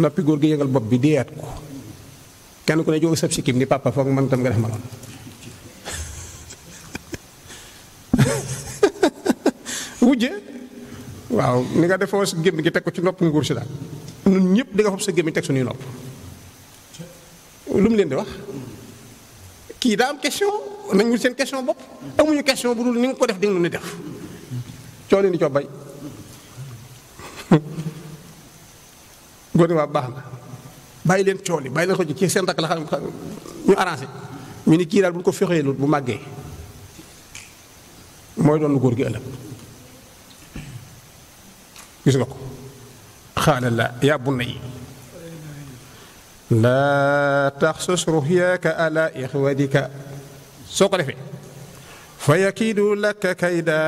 noppi góor gi yëngal bopp bi deeyaat ko kenn ku ne jóg sab sikkim ni papa foog man tam nga def ma noonu wujje waaw ni nga defoo gémmi gi teg ko ci nopp nguur si daal nun ñëpp di nga fob sa gémmiñ teg suñuy nopp lu mu leen di wax kii daa am question nañu seen question bopp amuñu question bu dul ni nga ko def di nga nu ni def coo leen di coo bay góor waa baax na bàyyi leen cool yi bàyyi leen xoj ci seen rakk la xam ñu arrangé ñu ni kii daal bu ko fexee lut bu màggee mooy doon góor gi ëllëg gis nga ko قال لا يا بني لا تخصص رؤياك على إخوتك سوق لفي فيكيد لك كيدا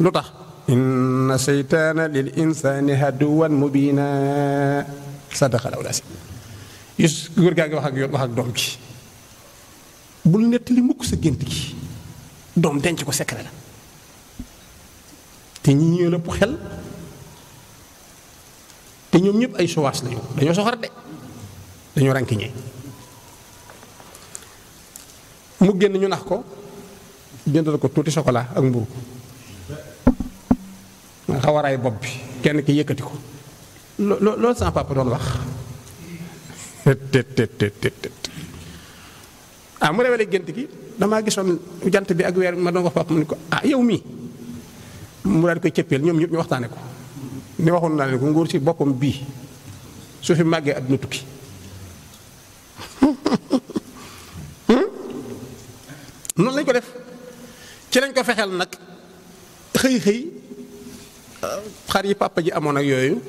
لطه إن الشيطان للإنسان هدوا مبينا صدق الأولاس يس غور غاغي واخ واخ دوم جي بول نيت لي موك سا گنت دوم دنج سيكرا تي ني نيو لا خيل te ñoom ñëpp ay sowaas lañu dañoo soxor de dañoo rànkiñee mu génn ñu nax ko jëndal ko tuuti chocolat ak mburu nga xawaraay bopp bi kenn ki yëkkati ko lo- lo- loolu sama papa doon wax ah mu rewele gént gi damaa gisoon jant bi ak weer ma doon wax papa mu ne ko ah yow mii mu daal di koy cëppeel ñoom ñëpp ñu waxtaane ko ni waxoon naa leen ko nguur si boppam bii su fi màggee àdduna tukki hmm? Hmm? noonu lañ ko def ci lañ ko fexeel nag xëy xëy euh, xar yi papa ji amoon ak yooyu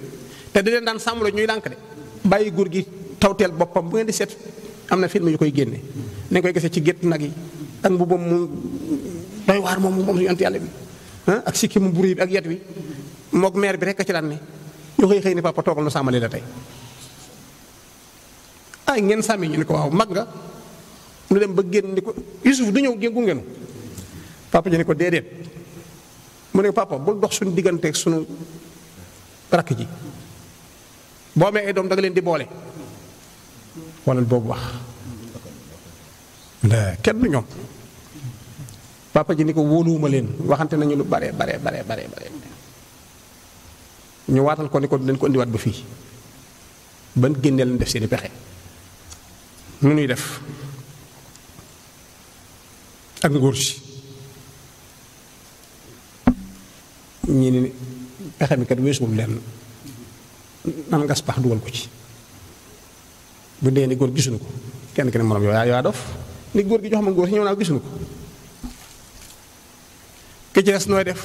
te di leen daan sàmmula ñuy lànk de bàyyi guur gi tawteel boppam bu ngeen di seet am na film yu koy génne nañ koy gisee ci gétt nag yi ak mbubbam mu doy waar moom moom suñu ant yàlla bi ah, ak sikki mu buri bi ak yat wi mok maire bi rek ci lan ne xey ni papa togal na samale la tay ay ngeen sami ñu ni ko waaw mag nga nu dem ba genn ni ko yusuf du ñew gengu ngeen papa ji ni ko dedet mu ne papa bu dox suñu ak suñu rak ji bo me ay da nga leen di boole wala boobu wax kenn du papa ji ni ko woluuma leen waxante nañu lu bare bare bare bare bare ñu waatal ko ni ko dañ ko indiwaat ba fii ban génnee lañ def seeni pexe nu nuy def ak nguur si ñi ni pexe mi kat weesuwul lenn nan pax dugal ko ci bu dee ni góor gisuñu ko kenn ki ne moroom yow yaa dof ni góor gi jox ma góor si ñëw naa gisuñu ko ki ci nooy def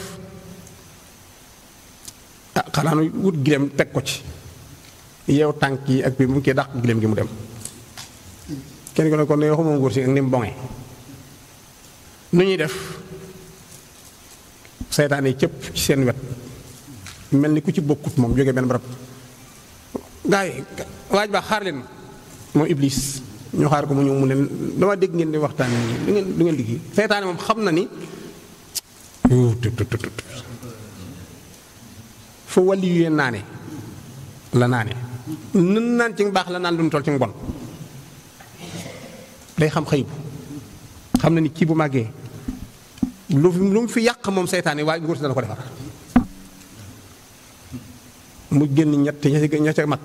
xanaa nu wut gileem teg ko ci yow tànk yi ak bi mu kee dàq gileem gi mu dem kenn ko ne kon ne waxuma nguur si ak ni mu boŋe nu ñuy def seytaan yi cëpp ci seen wet mel ni ku ci bokkut moom jógee benn barab gaa yi waaj baax xaar leen moom iblis ñu xaar ko mu ñëw mu ne dama dégg ngeen di waxtaan du ngeen ngeen liggéey seytaane moom xam na ni fa wàlli yu yéen naane la naane nun naan ci baax la naan duñ toll ci nga mbon day xam xëy bu xam na ni kii bu màggee lu lu mu fi yàq moom seytaane waaye nguur si dana ko defar mu génn ñett ña ca mag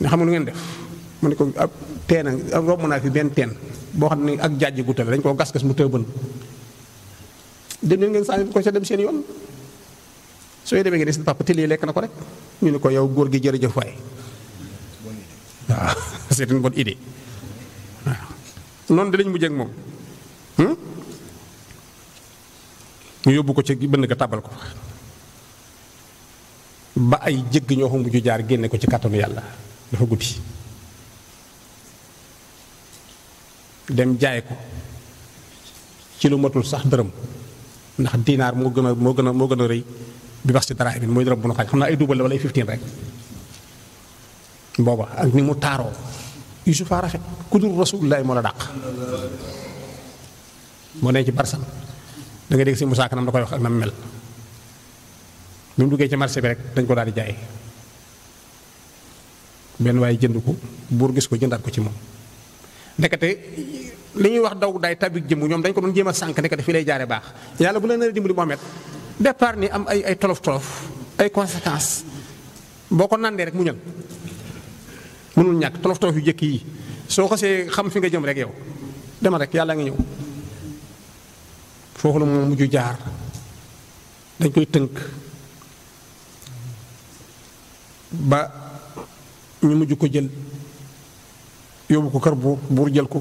nga xam lu ngeen def mu ne ko ab teena ak romb naa fi benn teen boo xam ne ak jaaj gu tëdd dañ koo gas gas mu tëbën dem leen ngeen sànni ko ca dem seen yoon sooy demee ngeen gis ne papa te lekk na ko rek ñu ne ko yow góor gi jërëjëf waay waaw c'est une bonne idée waaw noonu dinañ mujj ak moom hmm? ñu yóbbu ko ci bënn ga tàbbal ko ba ay jëgg ñoo xam mujj jaar génne ko ci kàttanu yàlla dafa guddi dem jaay ko ci lu matul sax dërëm ndax dinaar moo gën a moo gën a moo gën a rëy bi bax si dara bi mooy dërëm bu nu xaaj xam naa ay duubal la wala ay rek booba ak ni mu taaroo yusufa rafet ku dul rasulullahi moo la dàq moo nee ci barsan da nga dégg si Musaa kanam da koy wax ak na mel bi mu duggee ci marché bi rek dañ ko daal di jaay benn waaye jënd ko buur gis ko jëndaat ko ci moom ndekete li ñuy wax daw daay tabik jëmm ñoom dañ ko doon jéem a sànk ndekete fii lay jaare baax yàlla bu la nar a dimbali Mohamed départ ni am ay ay tolof tolof ay conséquences boo ko nandee rek mu ñal mënul ñàkk tolof tolof yu jëkk yi soo xasee xam fi nga jëm rek yow demal rek yàlla nga ñëw foofu la moom mujj jaar dañ koy tënk ba ñu mujj ko jël yóbbu ko kër buur buur jël ko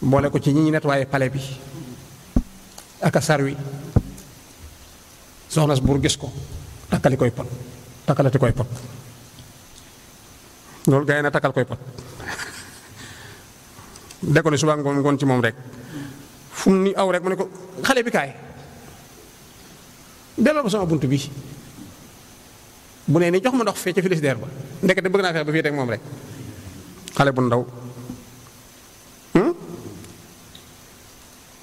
boole ko ci ñi ñu nettoyé palais bi ak asar wi soxna si buur gis ko takkali koy pot takkalati koy pot loolu gaa na takkal koy pot de ko ne subaa ngoon ngoon ci moom rek fu mu ni aw rek mu ne ko xale bi kaay delloo ko sama bunt bi bu nee ni jox ma ndox fee ca frigidaire ba ndekete bëgg naa fexe ba fii teg moom rek xale bu ndaw hmm?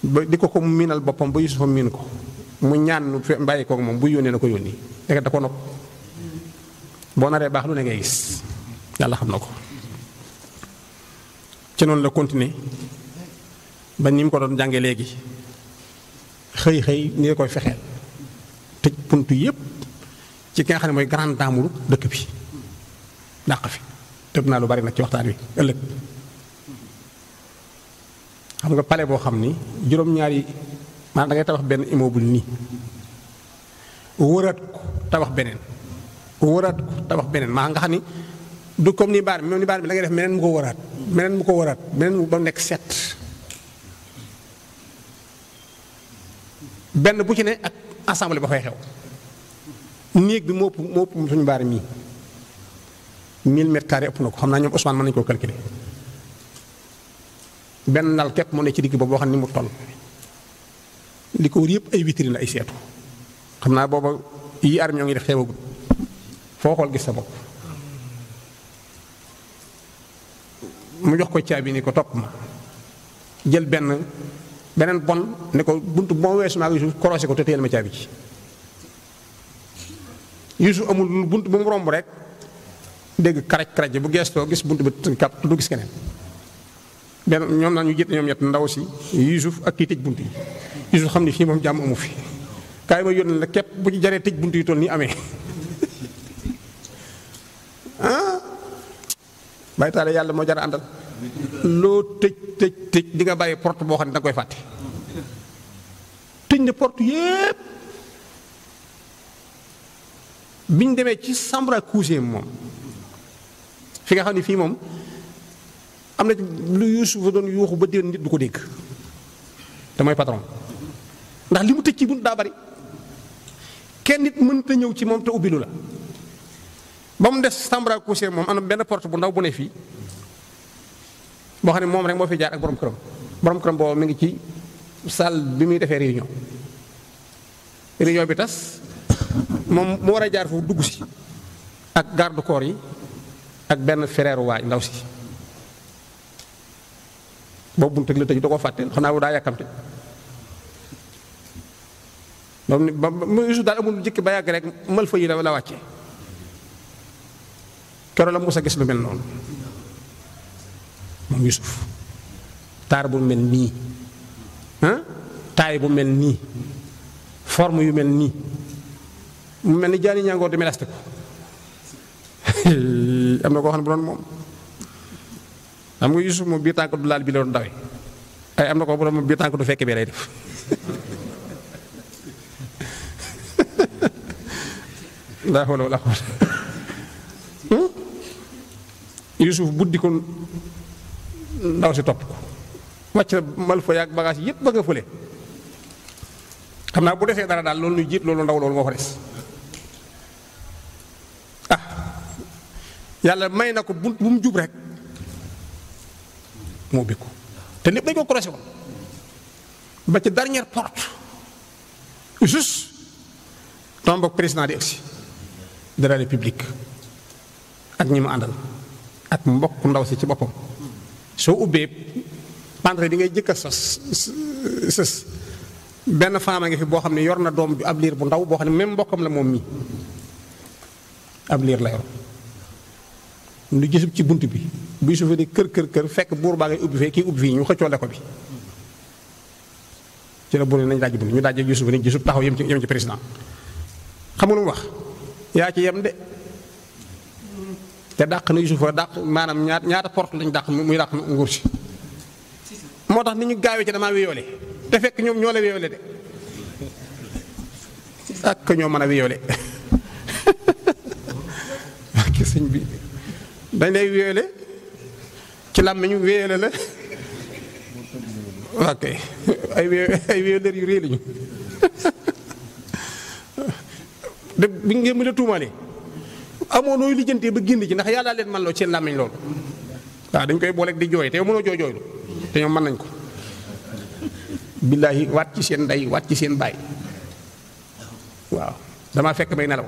ba di ko ko miinal boppam ba Yusufa miin ko mu ñaan nu bàyyi kook moom buy yónnee na ko yónni danga da ko nopp boo naree baax lu ne ngay gis yàlla xam na ko ci noonu la continuer ba ni mu ko doon jànge léegi xëy xëy ni nga koy fexeel tëj punt yépp ci ki nga xam ne mooy grande dame dëkk bi dàq fi tëb naa lu bari nag ci waxtaan wi ëllëg xam nga pale boo xam ni juróom-ñaari man da ngay tabax ben immeuble ni wëraat ko tabax benen wëraat ko tabax benen ma nga xani ni du comme ni bar bi même ni bar bi la ngay def menen mu ko wëraat menen mu ko wëraat menen mu ba nek set ben bu ci ne ak assemblée ba fay xew neeg bi moo ëpp suñu bar mi 1000 mètres carrés ëpp na ko xam naa ñoom Ousmane mën nañu koo calculer benn nal képp moo ne ci digg ba boo xam ni mu toll li ko wër yëpp ay vitrine la ay seetu xam naa booba yi arme ñoo ngi def xewagut foo xool gis sa bopp mu jox ko caabi ni ko topp ma jël benn beneen bon ne ko bunt bo weesu maa ngi suuf korosé ko te téyel ma caabi ci yusuf amul lu bunt bu mu romb rek dégg karaj karaj bu geestoo gis bunt bi kat du gis keneen benn ñoom nañu ñu ñoom ñett ndaw si yusuf ak kii tëj bunt yi gisul xam ni fii moom jàmm amu fi kaay ma yónn la képp bu ñu jaree tëj bunt yu toll nii amee ah bàyyi taale yàlla moo jar a àndal loo tëj tëj tëj di nga bàyyi port boo xam ne danga koy fàtte tëj na port yépp biñ demee ci chambre à coucher moom fi nga xam ne fii moom am na lu yuusu fa doon yuuxu ba déwén nit du ko dégg te patron ndax li mu tëj ci bunt daa bari kenn nit mënta ñëw ci moom te ubbilu la ba mu des chambre à moom am na benn porte bu ndaw bu ne fii boo xam ne moom rek moo fi jaar ak borom këram borom këram boobu mu ngi ci salle bi muy defee réunion réunion bi tas moom mu war a jaar foofu dugg si ak garde corps yi ak benn fereeru waay ndaw si boobu buntu la tëj da koo fàtte naa wu daa yàkkamte ba mu ba mu Yuusuf daal amul jëkk ba yàgg rek mal fa yi la la wàcce keroog la mos a gis lu mel noonu moom Yuusuf taar bu mel nii taay bu mel nii forme yu mel nii mu mel ni jaani ñàngoor di melaste ko am na koo xam bu doon moom am nga Yuusuf moom biir tànk du laal bi la doon dawe ay am na koo bu doon moom biir tànk du fekk bee lay def laa hawla wala quwwata hmm? Yuusuf buddi ko ndaw si topp ko wàcc na mal fa yaag bagage yëpp ba nga fële xam naa bu desee dara daal loolu ñu jiit loolu ndaw loolu moo fa des ah yàlla may na ko bu bu mu jub rek moo ubbi ko te lépp dañ ko croisé woon ba ci dernière porte juste tombe ak président di egsi de la ak ñi mu àndal ak mbokk ndaw si ci boppam soo ubbee pentre di ngay jëkk a sas sës benn femme ngi fi boo xam ne yor na doom bi ab liir bu ndaw boo xam ne même mbokkam la moom mi ab liir la yor lu gisub ci bunt bi buy suufee di kër kër kër fekk buur baa ngay ubbi fee kii ubbi fii ñu xëccoole ko bi ci la buur nañ daj bunt ñu daj gisub ni gisub taxaw yem ci yem ci président xam lu mu wax yaa ci yem de te dàq na Yuusufa dàq maanaam ñaata ñaata porte lañ dàq muy dàq nguur si moo tax ni ñu gaawee ci damaa wiyoole te fekk ñoom ñoo la wiyoole de ak ñoo mën a wiyoole ak sëñ bi dañ lay wiyoole ci làmmiñu wiyoole la ok ay wiyoole yu réy lañu de bi ngeen mën a tuumaale amoo nooy lijjantee ba génn ci ndax yàllaa leen man loo ci làmmiñ loolu waaw dañ koy booleek di jooy te yow mënoo jooy ñoom mën nañ ko billaahi waat ci seen ndey waat ci seen baay waaw damaa fekk may nelaw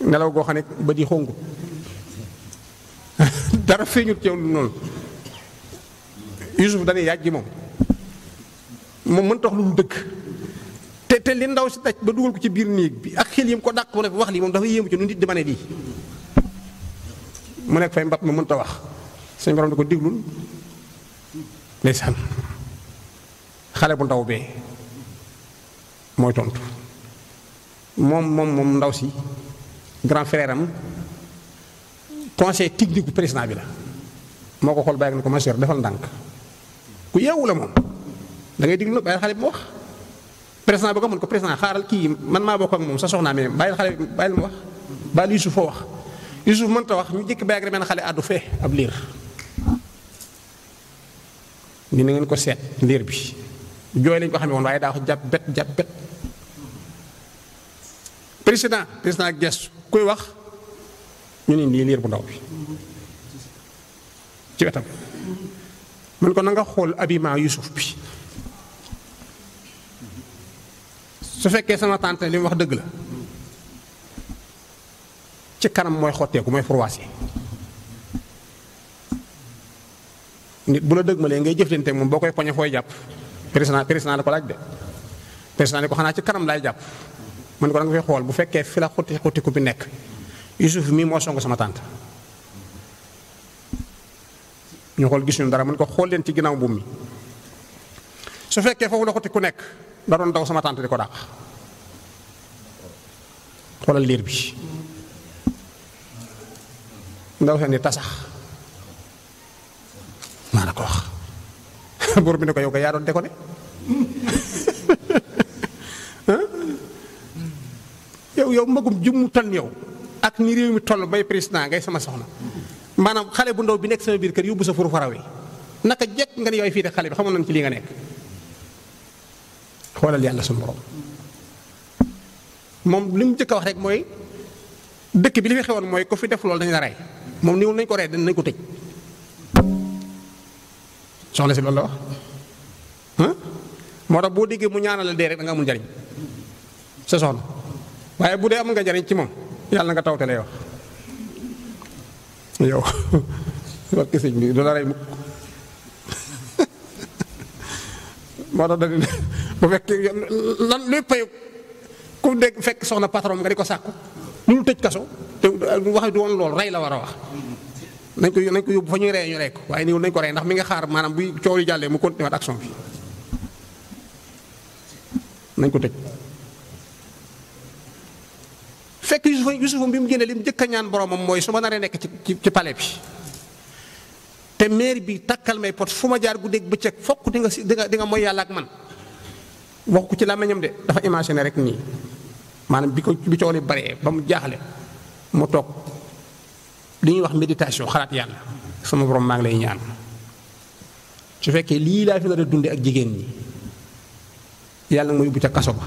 nelaw goo xam ne ba di xongu dara feeñut yow noonu Yuusuf dana yaaj ji moom moom mën tox lu mu dëkk te li ndaw si daj ba dugal ko ci biir néeg bi ak xel yi mu ko dàq mu ne wax lii moom dafa yéemu ci nu nit di ma ne lii mu nekk fay mbat ma mënta wax suñu borom di ko diglul ndeysaan xale bu ndaw bee mooy tontu moom moom moom ndaw si grand frère am conseil technique bu président bi la moo ko xool bàyyi na ko ma defal ndànk ku yeewu la moom da diglu nag bàyyi xale bi mu wax président ba ko mun ko président xaaral kii man maa bokk ak moom sa soxnaa mais bàyyil xale bàyyil mu wax bàyyil Youssouf foo wax Youssouf mënta wax ñu jékki bàyyi ak benn xale àddu fee ab liir ni na ngeen ko seet liir bi jooy lañ ko xamee woon waaye daa wax jàpp bet jàpp bet président président ak gestu kuy wax ñu ne nii liir bu ndaw bi ci wetam. man ko na nga xool habillement Youssouf bi su fekkee sama tante li wax dëgg la ci kanam mooy xotteeku mooy furwaasi nit bu la dëgg dëgmalee ngay jëf jëflante moom boo koy poñe fooy jàpp président président la ko laaj de président ni ko xanaa ci kanam laay jàpp man ko da nga xool bu fekkee fi la xotti xottiku bi nekk Yusuf mii moo song sama tànt ñu xool gis ñu dara man ko xool leen ci ginnaaw mbubb mi su fekkee foofu la xotti ku nekk da doon sama tànt di ko dàq xoolal liir bi ndaw seen ni tasax maa la ko wax buur bi ne ko yow ko yaa doon de ko ne yow yow mbagum jum mu toll yow ak ni réew mi toll bay président ngay sama soxna maanaam xale bu ndaw bi nekk sama biir kër yóbbu sa furu faraw yi naka jekk nga ne yooyu fii de xale bi xamoon nañ ci lii nga nekk xolal yalla sun borom mom lim jëk wax rek moy dëkk bi li fi xewoon mooy ku fi def loolu dañ la ray mom niwul nañ ko ray dañ ko tej soxna ci loolu la wax moo tax bo déggee mu ñaanal la rek da nga amul jariñ sa son waye bu dee am nga jariñ ci mom yalla nga tawte lay wax yow war kisiñ bi do la ray mo da da bu fekkee lan luy payu ku dégg fekk soxna patron nga di ko sàkku lu tëj kaso te wax du woon loolu rey la war a wax nañ ko nañ ko yóbbu fa ñuy rey ñu rey ko waaye niwul nañ ko rey ndax mi nga xaar maanaam buy coow li jàllee mu continué waat action bi nañ ko tëj fekk yusufa yusufa bi mu génnee li mu njëkk a ñaan boromam mooy su ma naree nekk ci ci pale bi te maire bi takkal may pot fu ma jaar guddeeg bëccëg fokk di nga si di nga di nga mooy yàlla ak man wax ci làmmeñam de dafa na rek nii maanaam bi ko bi coow li baree ba mu jaaxle mu toog li ñuy wax méditation xalaat yàlla sama borom maa ngi lay ñaan su fekkee lii laa fi nar a dunde ak jigéen ñi yàlla nga ma yóbbu ca kaso ba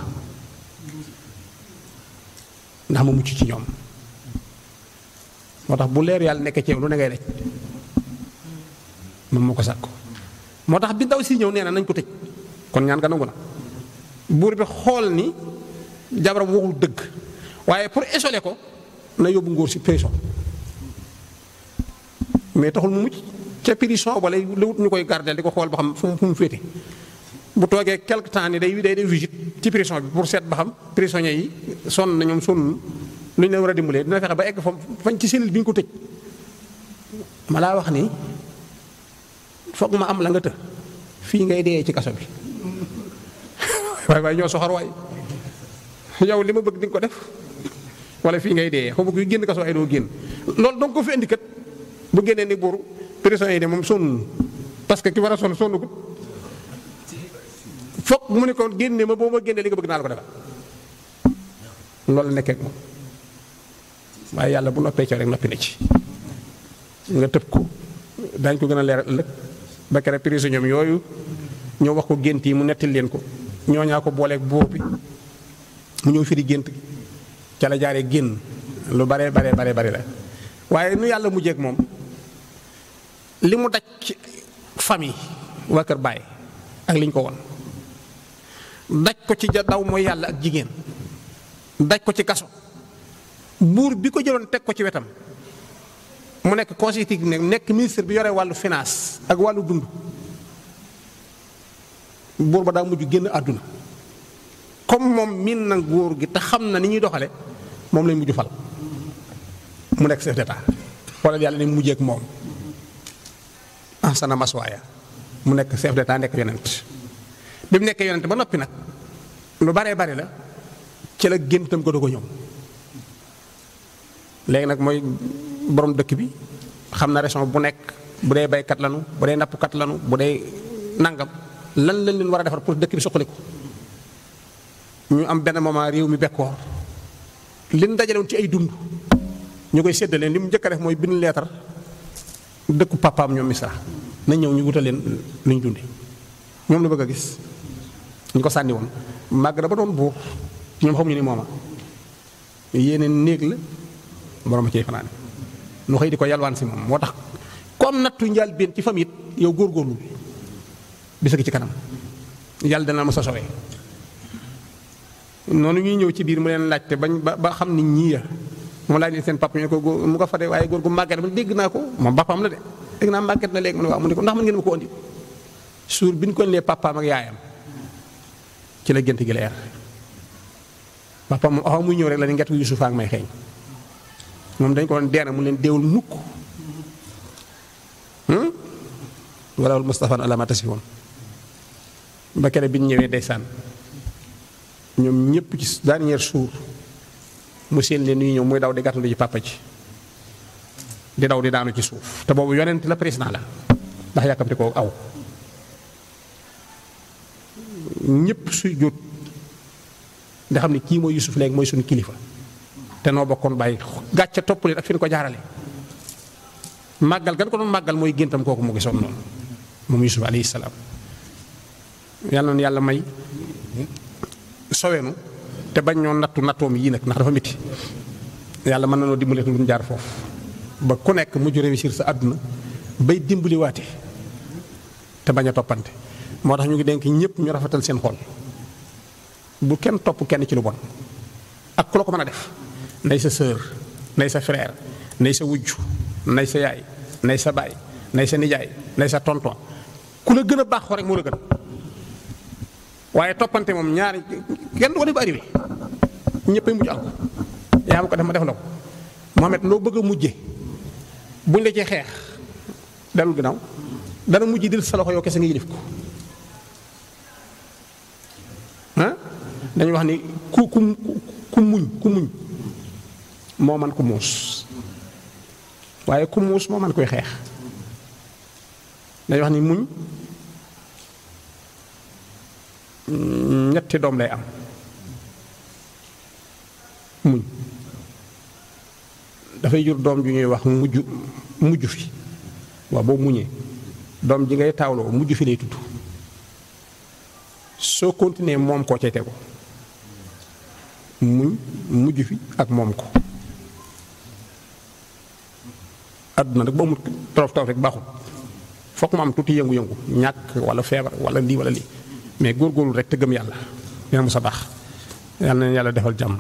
ndax ma mucc ci ñoom moo tax bu leer yàlla nekk ci yow lu ne ngay daj moom moo ko sàkk moo tax bi ndaw si ñëw nee na nañ ko tëj kon ñaan nga nangu na buur bi xool ni jabaram waxul dëgg waaye pour isoler ko na yóbbu ngóor si prison mais taxul mu mucc ca prison wala lu wut ñu koy gardel di ko xool ba xam fu mu féete bu toogee quelque temps ni day day def visite ci prison bi pour seet ba xam prisonniers yi sonn na ñoom sonn lu ñu leen war a dimbalee dina fexe ba egg fañ ci cellule bi ñu ko tëj ma laa wax ni foog ma am la nga të fii ngay dee ci kaso bi waay waay ñoo soxor waay yow li ma bëgg di ko def wala fii ngay dee foo bëgg yu génn kaso ay doo génn loolu donc ko fi indi bu génnee ni buur prison yi de moom sonn parce que ki war a sonn sonn ko foog mu ne kon ma boo ma génnee li nga bëgg naa la ko defal loolu nekkee moom waaye yàlla bu noppee ci rek noppi na ci nga tëb ko daañ ko gën a leer ëllëg ba kere prison yooyu ñëw wax ko gént yi mu nettali leen ko ñoo ñaa ko booleeg buur bi mu ñëw firi gént gi ca la jaaree génn lu bare bare bare bare la waaye nu yàlla mujjeek moom li mu daj famille waa kër baay ak liñ ko woon daj ko ci ja daw mooy yàlla ak jigéen daj ko ci kaso buur bi ko jëloon teg ko ci wetam mu nekk conseil technique nekk ministre bi yore wàllu finance ak wàllu dund buur ba daa mujj génn àdduna comme moom miin na nguur gi te xam na ni ñuy doxale moom lañ mujj fal mu nekk chef d'état wala yàlla ni mujjee ak moom ahsana maswaaya mu nekk de d'état nekk yonent bi mu nekkee yonent ba noppi nag lu baree bari la ci la géntam ko doog a ñëw léegi nag mooy borom dëkk bi xam na région bu nekk bu dee baykat lanu bu dee nappkat lanu bu dee nangam lan lañ leen war a defar pour dëkk bi suqaliku ñu am benn moment réew mi bekkoor liñ dajalewoon ci ay dund ñu koy séddaleen li mu njëkk a def mooy bind leetar dëkku papaam ñoom Misra na ñëw ñu wutal leen luñ ñu dundi ñoom la bëgg a gis ñu ko sànniwoon woon màgg na ba doon buur ñoom xamuñu ni mooma yéeneen néeg la borom a ciy fanaane nu xëy di ko yalwaan si moom moo tax kom nattu njaal benn ci famille yow góorgóorlu bisa ci kanam yàlla dana ma sosowee noonu ñuy ñëw ci biir mu leen laajte bañ ba ba xam ni ñii ya mu laaj seen papa ñu ko góor mu ko fa de waaye góor gu màgget mu dégg naa ko moom papaam la de dégg naa màgget na léegi mu ne waaw mu ne ko ndax mën ma ko andi suur bi ñu yaayam ci la gént gi leer papaam moom aw ñëw rek la ne nget may xeeñ moom dañ ko doon deena mu leen deewul mukk hmm? walawul mustafaan alaa maa woon ba keneen bi ñu ñëwee ndeysaan ñoom ñëpp ci dernier jour mu seen leen ñuy ñëw muy daw di gàttandu ci papa ji di daw di daanu ci suuf te boobu yonent la président la ndax yàkkamti ko aw ñëpp su jot nga xam ne kii mooy Yuusuf léegi mooy suñu kilifa te noo bokkoon bàyyi gàcce topp leen ak fi ñu ko jaarale màggal gan ko doon màggal mooy géntam kooku mu gisoon noonu moom Yuusuf alayhi salaam yàlla noonu yàlla may soweenu te bañ ñoo nattu nattoom yii nag ndax dafa métti yàlla mën na noo dimbali duñ jaar foofu ba ku nekk mujj réussir sa àdduna bay dimbaliwaate te bañ a toppante moo tax ñu ngi denk ñëpp ñu rafetal seen xool bu kenn topp kenn ci lu bon ak ku la ko mën a def nay sa sœur nay sa frère nay sa wujj nay sa yaay nay sa baay nay sa nijaay nay sa tonton ku la gën a baax baaxoo rek moo la gën waaye toppante moom ñaar kenn du ko def ba arrivé ñëppay mujj àgg yaa ma ko def ma def la ko Mohamed loo bëgg a mujje buñ la ci xeex dellu ginnaaw dana mujj dil sa loxo yow kese nga yilif ko ah dañuy wax ni ku ku ku muñ ku muñ moo man ku muus waaye ku muus moo man koy xeex dañuy wax ni muñ ñetti doom lay am muñ dafay jur doom ju ñuy wax mujj mujj fi waa boo muñee doom ji ngay taawloo mujj fi lay tudd soo continuer moom koo cay tegu muñ mujj fi ak moom ko àdduna rek ba mu torof torof rek baaxul fokk mu am tuuti yëngu-yëngu ñàkk wala feebar wala lii wala lii mais góor góorgóorlu rek te gëm yàlla dina mos a baax yàlla na yàlla defal jàmm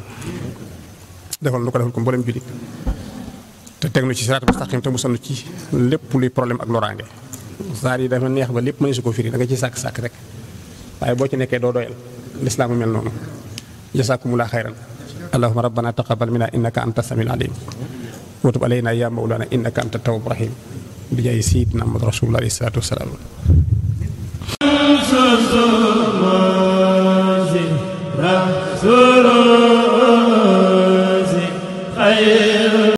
defal nu ko defal ko mboolem jullit te teg nu ci siraat mustaqim te musal nu ci lépp luy problème ak loraange saar yi dafa neex ba lépp mëneesu ko firi da nga ci sàkk-sàkk rek waaye boo ci nekkee doo doyal lislaamu mel noonu jasakumulaa xayran allahuma rabbana taqabal minna innaka anta samil alim watub alayna ya mawlana innaka anta tawwab rahim bi jaay sayidina amad rasulullah alayhi salatu wasalaam